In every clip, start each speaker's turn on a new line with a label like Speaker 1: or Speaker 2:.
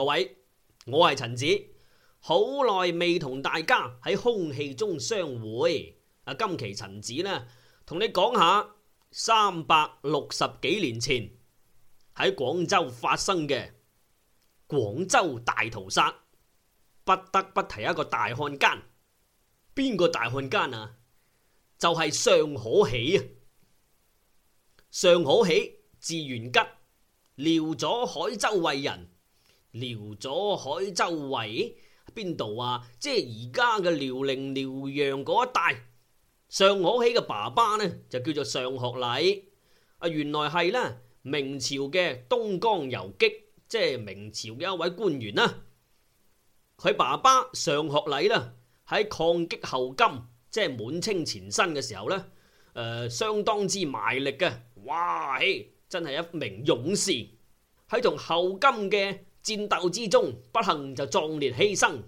Speaker 1: 各位，我係陳子，好耐未同大家喺空氣中相會。啊，今期陳子呢，同你講下三百六十幾年前喺廣州發生嘅廣州大屠殺，不得不提一個大漢奸。邊個大漢奸啊？就係、是、尚可喜啊！尚可喜字元吉，遼左海州衛人。遼左海周圍邊度啊？即係而家嘅遼寧遼陽嗰一帶。尚可喜嘅爸爸呢，就叫做尚學禮啊。原來係呢，明朝嘅東江游擊，即係明朝嘅一位官員啊。佢爸爸尚學禮啦，喺抗擊後金，即係滿清前身嘅時候呢，誒、呃、相當之賣力嘅。哇，欸、真係一名勇士，喺同後金嘅。戰鬥之中不幸就壯烈犧牲。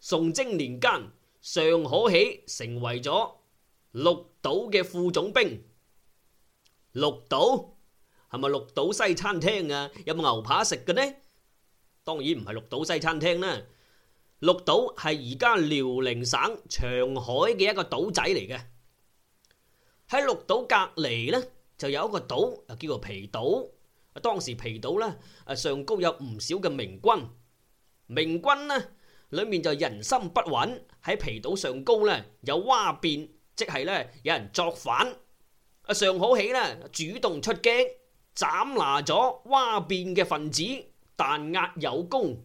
Speaker 1: 崇禎年間尚可喜，成為咗綠島嘅副總兵。綠島係咪綠島西餐廳啊？有冇牛扒食嘅呢？當然唔係綠島西餐廳啦。綠島係而家遼寧省長海嘅一個島仔嚟嘅。喺綠島隔籬呢就有一個島，又叫做皮島。當時皮島咧，上高有唔少嘅明軍，明軍咧裏面就人心不穩。喺皮島上高咧有嘩變，即係咧有人作反。啊，尚可喜咧主動出擊，斬拿咗嘩變嘅分子，彈壓有功。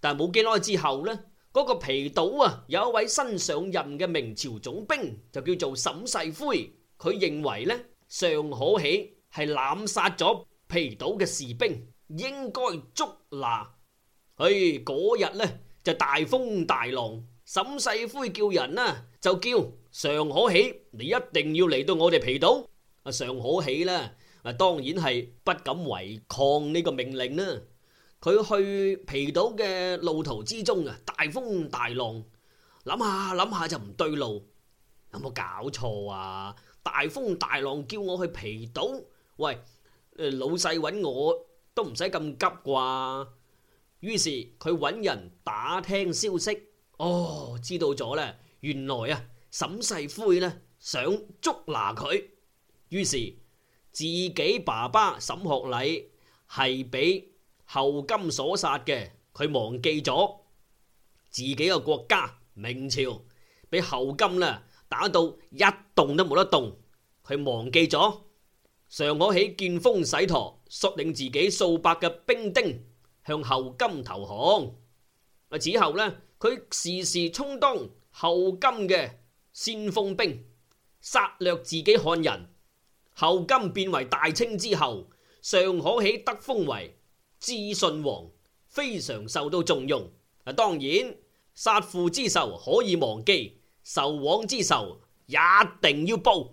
Speaker 1: 但係冇幾耐之後呢嗰、那個皮島啊有一位新上任嘅明朝總兵就叫做沈世魁，佢認為呢，尚可喜係濫殺咗。皮島嘅士兵應該捉拿。唉、哎，嗰日呢，就大風大浪，沈世魁叫人啦、啊，就叫尚可喜，你一定要嚟到我哋皮島。啊，尚可喜呢，啊，當然係不敢違抗呢個命令啦、啊。佢去皮島嘅路途之中啊，大風大浪，諗下諗下就唔對路，有冇搞錯啊？大風大浪叫我去皮島，喂！誒，老細搵我都唔使咁急啩。於是佢搵人打聽消息，哦，知道咗咧。原來啊，沈世魁呢，想捉拿佢，於是自己爸爸沈學禮係俾後金所殺嘅。佢忘記咗自己個國家明朝俾後金呢，打到一動都冇得動，佢忘記咗。尚可喜見風使舵，率領自己數百嘅兵丁向後金投降。啊，此後呢，佢時時充當後金嘅先鋒兵，殺掠自己漢人。後金變為大清之後，尚可喜得封為智信王，非常受到重用。啊，當然，殺父之仇可以忘記，仇往之仇一定要報。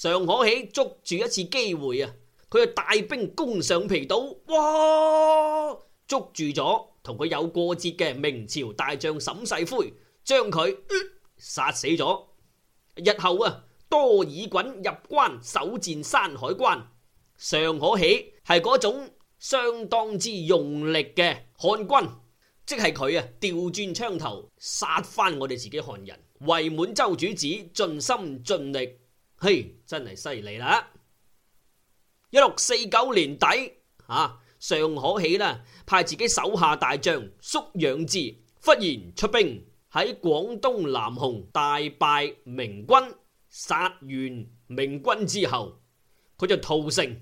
Speaker 1: 尚可喜捉住一次機會啊！佢就帶兵攻上皮島，哇！捉住咗同佢有過節嘅明朝大將沈世魁，將佢、呃、殺死咗。日後啊，多爾袞入關首戰山海關，尚可喜係嗰種相當之用力嘅漢軍，即係佢啊，調轉槍頭殺翻我哋自己漢人，為滿洲主子盡心盡力。嘿，真係犀利啦！一六四九年底，吓、啊、尚可喜啦，派自己手下大將叔養志忽然出兵喺廣東南雄大敗明軍，殺完明軍之後，佢就屠城，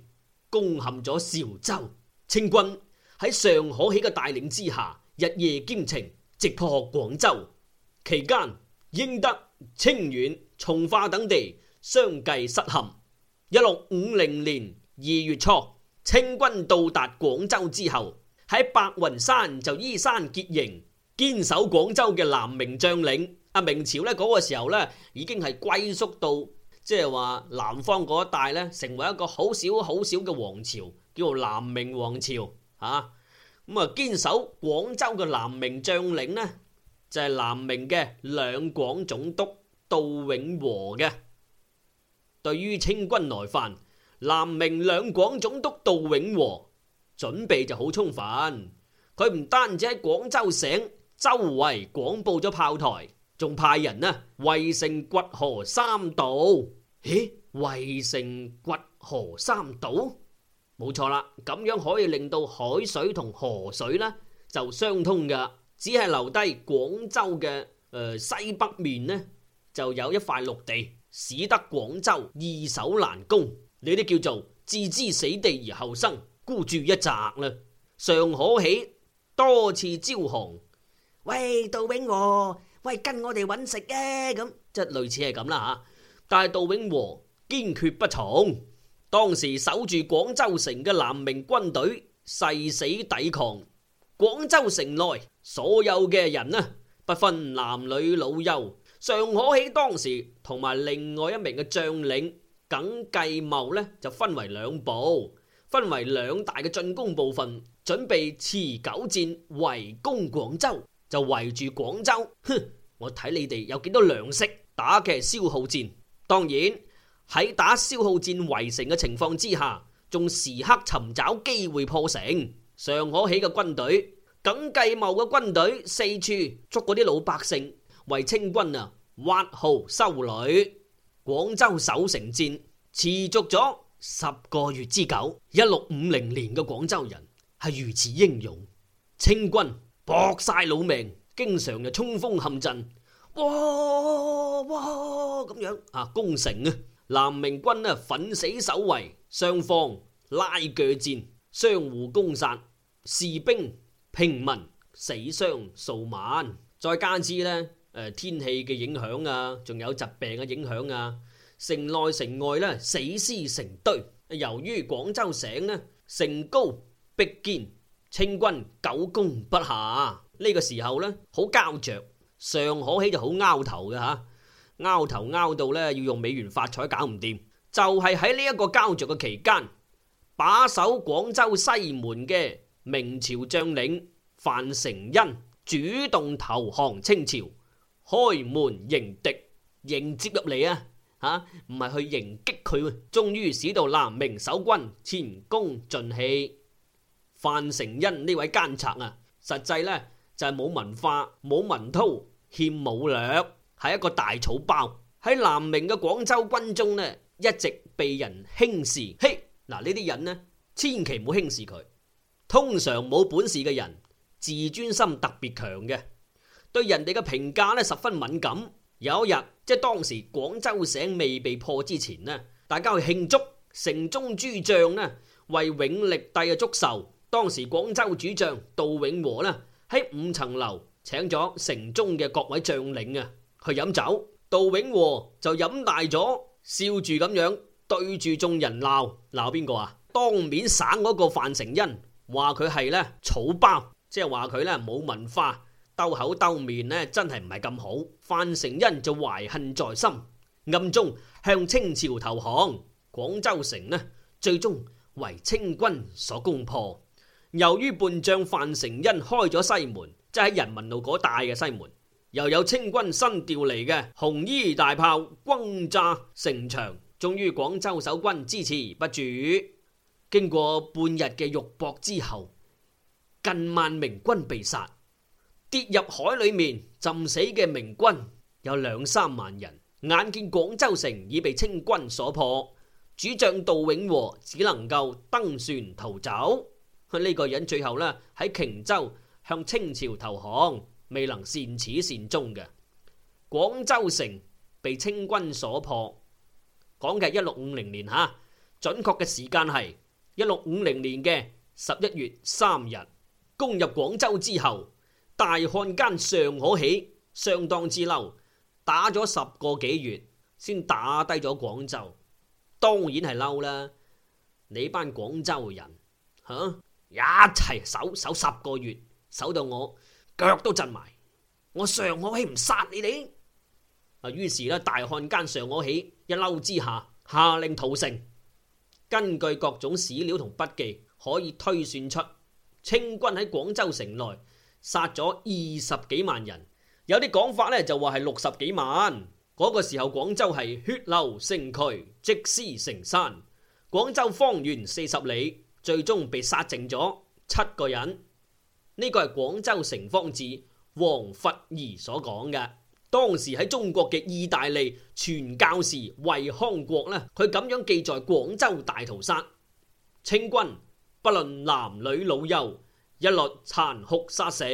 Speaker 1: 攻陷咗潮州。清軍喺尚可喜嘅帶領之下，日夜兼程，直撲廣州。期間，英德、清遠、從化等地。相繼失陷。一六五零年二月初，清軍到達廣州之後，喺白雲山就依山結營，堅守廣州嘅南明將領。阿明朝呢嗰、那個時候呢，已經係龜縮到即係話南方嗰一帶呢，成為一個好少好少嘅王朝，叫做南明王朝啊。咁啊，堅守廣州嘅南明將領呢，就係、是、南明嘅兩廣總督杜永和嘅。對於清軍來犯，南明兩廣總督杜永和準備就好充分。佢唔單止喺廣州省周圍廣布咗炮台，仲派人呢圍城掘河三道。咦？圍城掘河三道？冇錯啦，咁樣可以令到海水同河水呢就相通噶，只係留低廣州嘅誒西北面呢就有一塊陸地。使得廣州易守難攻，呢啲叫做置之死地而後生，孤注一擲啦，尚可喜，多次招降。喂，杜永和，喂，跟我哋揾食嘅、啊，咁即係類似係咁啦吓，但係杜永和堅決不從。當時守住廣州城嘅南明軍隊誓死抵抗，廣州城內所有嘅人呢，不分男女老幼。尚可喜當時同埋另外一名嘅將領耿繼茂呢，就分為兩部，分為兩大嘅進攻部分，準備持久戰圍攻廣州，就圍住廣州。哼，我睇你哋有幾多糧食打嘅消耗戰？當然喺打消耗戰圍城嘅情況之下，仲時刻尋找機會破城。尚可喜嘅軍隊、耿繼茂嘅軍隊四處捉嗰啲老百姓。為清軍啊挖壕修壘，廣州守城戰持續咗十個月之久。一六五零年嘅廣州人係如此英勇，清軍搏晒老命，經常就衝鋒陷陣，哇哇咁樣啊攻城啊，南明軍咧奮死守衛，雙方拉鋸戰，相互攻殺，士兵平民死傷數萬，再加之呢。誒，天氣嘅影響啊，仲有疾病嘅影響啊。城內城外呢，死屍成堆。由於廣州城呢，城高壁堅，清軍久攻不下。呢個時候呢，好膠着，尚可喜就好拗頭嘅吓，拗頭拗到呢要用美元發財搞唔掂。就係喺呢一個膠着嘅期間，把守廣州西門嘅明朝將領范承恩主動投降清朝。開門迎敵，迎接入嚟啊！吓，唔係去迎擊佢。終於使到南明守軍前功盡棄。范承恩呢位奸賊啊，實際咧就係冇文化、冇文韜、欠武略，係一個大草包。喺南明嘅廣州軍中咧，一直被人輕視。嘿，嗱呢啲人咧，千祈唔好輕視佢。通常冇本事嘅人，自尊心特別強嘅。對人哋嘅評價咧十分敏感。有一日，即係當時廣州城未被破之前呢，大家去慶祝，城中諸將呢為永曆帝嘅祝壽。當時廣州主將杜永和呢喺五層樓請咗城中嘅各位將領啊去飲酒。杜永和就飲大咗，笑住咁樣對住眾人鬧，鬧邊個啊？當面省嗰個范承恩，話佢係咧草包，即係話佢咧冇文化。鬥口鬥面呢，真係唔係咁好。范承恩就懷恨在心，暗中向清朝投降。廣州城呢，最終為清軍所攻破。由於叛將范承恩開咗西門，即係人民路嗰帶嘅西門，又有清軍新調嚟嘅紅衣大炮轟炸城牆，終於廣州守軍支持不住。經過半日嘅肉搏之後，近萬名軍被殺。跌入海裏面，浸死嘅明軍有兩三萬人。眼見廣州城已被清軍所破，主將杜永和只能夠登船逃走。呢個人最後呢，喺瓊州向清朝投降，未能善始善終嘅。廣州城被清軍所破，講嘅係一六五零年吓，準確嘅時間係一六五零年嘅十一月三日，攻入廣州之後。大漢奸尚可喜相當之嬲，打咗十個幾月，先打低咗廣州，當然係嬲啦。你班廣州人，吓、啊、一齊守守十個月，守到我腳都震埋，我尚可喜唔殺你哋啊！於是咧，大漢奸尚可喜一嬲之下，下令屠城。根據各種史料同筆記，可以推算出清軍喺廣州城內。殺咗二十幾萬人，有啲講法咧就話係六十幾萬。嗰個時候廣州係血流成渠，積屍成山。廣州方圓四十里，最終被殺剩咗七個人。呢個係廣州城方志王佛儀所講嘅。當時喺中國嘅意大利傳教士衛康國呢，佢咁樣記載廣州大屠殺：清軍不論男女老幼。一律殘酷殺死，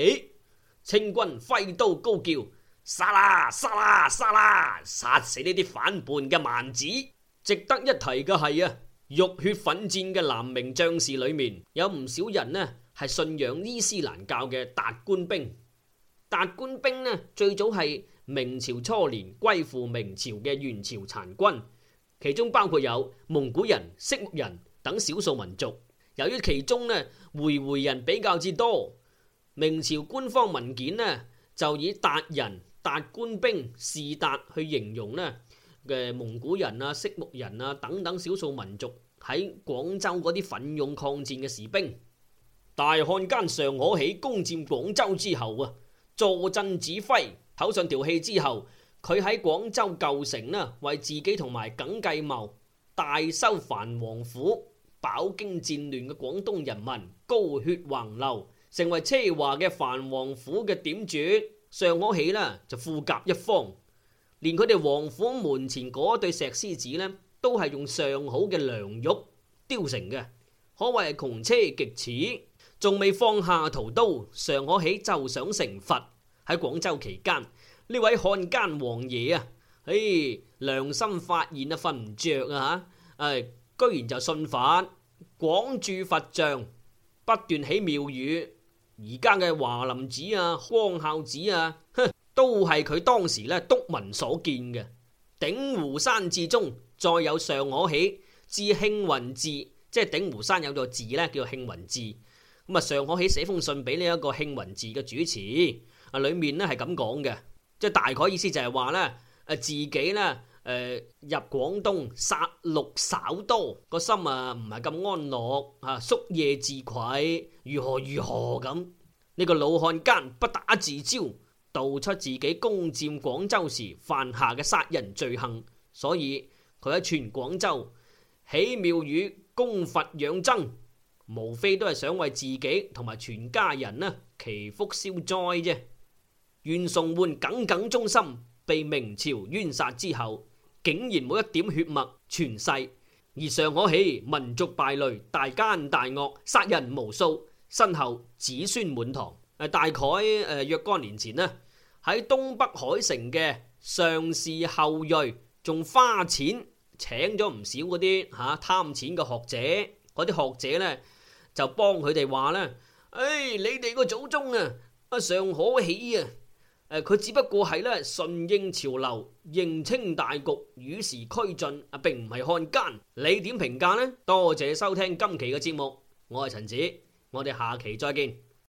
Speaker 1: 清軍揮刀高叫：殺啦殺啦殺啦！殺死呢啲反叛嘅蠻子。值得一提嘅係啊，浴血奮戰嘅南明將士裏面有唔少人呢係信仰伊斯蘭教嘅達官兵。達官兵呢最早係明朝初年歸附明朝嘅元朝殘軍，其中包括有蒙古人、色目人等少數民族。由於其中呢回回人比較之多，明朝官方文件呢就以達人、達官兵、士達去形容呢嘅蒙古人啊、色目人啊等等少數民族喺廣州嗰啲奮勇抗戰嘅士兵。大漢奸尚可喜攻佔廣州之後啊，坐鎮指揮，口上調戲之後，佢喺廣州舊城呢，為自己同埋耿繼茂大修藩王府。飽經戰亂嘅廣東人民膏血橫流，成為奢華嘅藩王府嘅點主，尚可喜呢，就富甲一方，連佢哋王府門前嗰對石獅子呢，都係用上好嘅良玉雕成嘅，可謂係窮奢極侈。仲未放下屠刀，尚可喜就想成佛。喺廣州期間，呢位漢奸王爺啊，嘿、哎、良心發現啊，瞓唔着啊吓，誒。居然就信佛，廣鑄佛像，不斷起廟宇。而家嘅華林寺啊、光孝寺啊，哼，都係佢當時咧督民所建嘅。鼎湖山之中再有尚可喜致慶雲寺，即係鼎湖山有座寺咧，叫慶雲寺。咁、嗯、啊，尚可喜寫封信俾呢一個慶雲寺嘅主持，啊，裏面咧係咁講嘅，即係大概意思就係話咧，誒，自己咧。誒、呃，入廣東殺戮少刀個心啊，唔係咁安樂吓，宿、啊、夜自愧，如何如何咁呢，這個老漢奸不打自招，道出自己攻佔廣州時犯下嘅殺人罪行，所以佢喺全廣州起廟宇供佛養僧，無非都係想為自己同埋全家人呢祈福消災啫。袁崇煥耿耿忠心，被明朝冤殺之後，竟然冇一點血脈傳世，而尚可喜民族敗類，大奸大惡，殺人無數，身後子孫滿堂。誒，大概誒若干年前啦，喺東北海城嘅尚氏後裔仲花錢請咗唔少嗰啲吓貪錢嘅學者，嗰啲學者呢，就幫佢哋話呢誒，你哋個祖宗啊，啊尚可喜啊。佢只不過係咧順應潮流，認清大局，與時俱進啊，並唔係漢奸。你點評價呢？多謝收聽今期嘅節目，我係陳子，我哋下期再見。